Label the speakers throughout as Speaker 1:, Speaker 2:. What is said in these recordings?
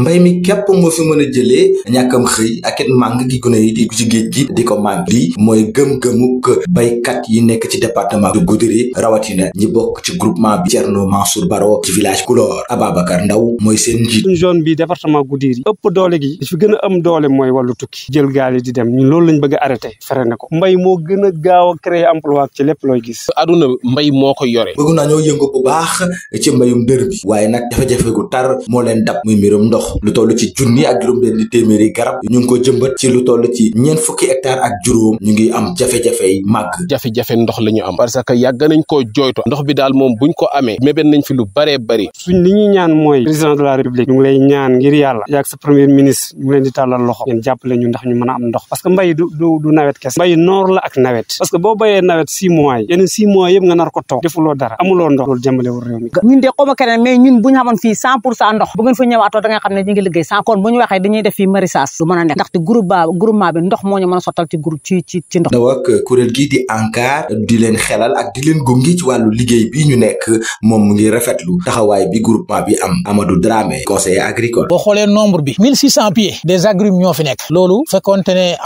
Speaker 1: mbay mi képp moo fi mën a jëlee ñàkkam xëy ak it màng gi gune yi di ci géej gi di ko màng lii mooy gëm-gëmuk baykat yi nekk ci département du Goudiri rawatina ñi bokk ci groupement bi Thierno Mansour Baro ci village Koulor Ababacar Ndaw mooy seen njiit
Speaker 2: zone bi département Goudiri ëpp doole gi li gën a am doole mooy wàllu tukki jël gaal yi di dem ñun loolu lañ bëgg a arrêté fere ko mbay moo gën a gaaw a créer emploi ci lépp looy gis aduna mbay moo ko yore bëgg naa ñoo yëngu bu baax
Speaker 1: ci mbayum dër waaye nag jafe-jafe gu moo leen dab muy mbirum ndox lu tollu ci jooni ak juroom benn téméré garab ñu ngi ko jëmbat ci lu tollu ci ñeen fukki hectare ak
Speaker 3: juroom ñu ngi am jafé jafé mag jafé jafé ndox lañu am parce que yag nañ ko joyto ndox bi dal mom buñ ko amé mebe nañ fi lu bare bare
Speaker 2: suñ li ñi ñaan moy président de la république ñu ngi lay ñaan ngir yalla yak sa premier ministre ñu leen di talal loxo ñen jàppale ñu ndax ñu mëna am ndox parce que mbay du du nawet kess mbay nor la ak nawet parce que bo bayee nawet 6 mois yene 6 mois yëpp nga nar ko tok defu lo dara amu
Speaker 4: lo ndox lol jëmbalé wu réew mi ñun de xoma kenen mais ñun buñ xamone fi 100% ndox bu gën fa ñëwaato da nga xam ne ñu ngi liggéey sans kon bu ñu waxee dañuy def fii maraîchage du mën a nekk ndaxte groupement groupement bi ndox moo sottal ci groupe ci ndox. ndaw
Speaker 1: ak kuréel gii di ANCAR di xelal ak di leen gunge ci liggéey bi ñu nekk moom mu ngi rafetlu taxawaay bi groupement bi am Amadou Dramé conseiller agricole. boo
Speaker 5: xoolee nombre bi 1600 pieds des agrumes ñoo fi nekk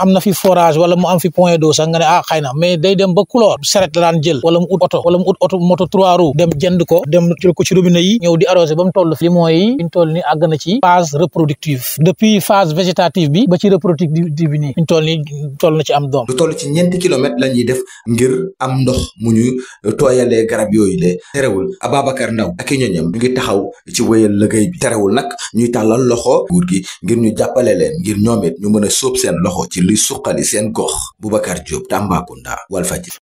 Speaker 5: am na fi forage wala mu am fi point d'eau sax nga ah, mais day dem ba Kulor charrette ko dem jël ko yi ñëw phase reproductive depuis phase végétative bi ba ci reproductive bi nii ñu toll nii toll na
Speaker 1: ci am doom. lu toll ci ñeenti kilomètres la ñuy def ngir am ndox mu ñu toyale garab yooyu le terewul Ababacar Ndaw ak i ñoñam ñu ngi taxaw ci wéyal liggéey bi terewul nag ñuy tàllal loxo nguur gi ngir ñu jàppale leen ngir ñoom it ñu mën a sóob seen loxo ci li suqali seen gox bu Boubacar Diop Tambacounda Walfadjri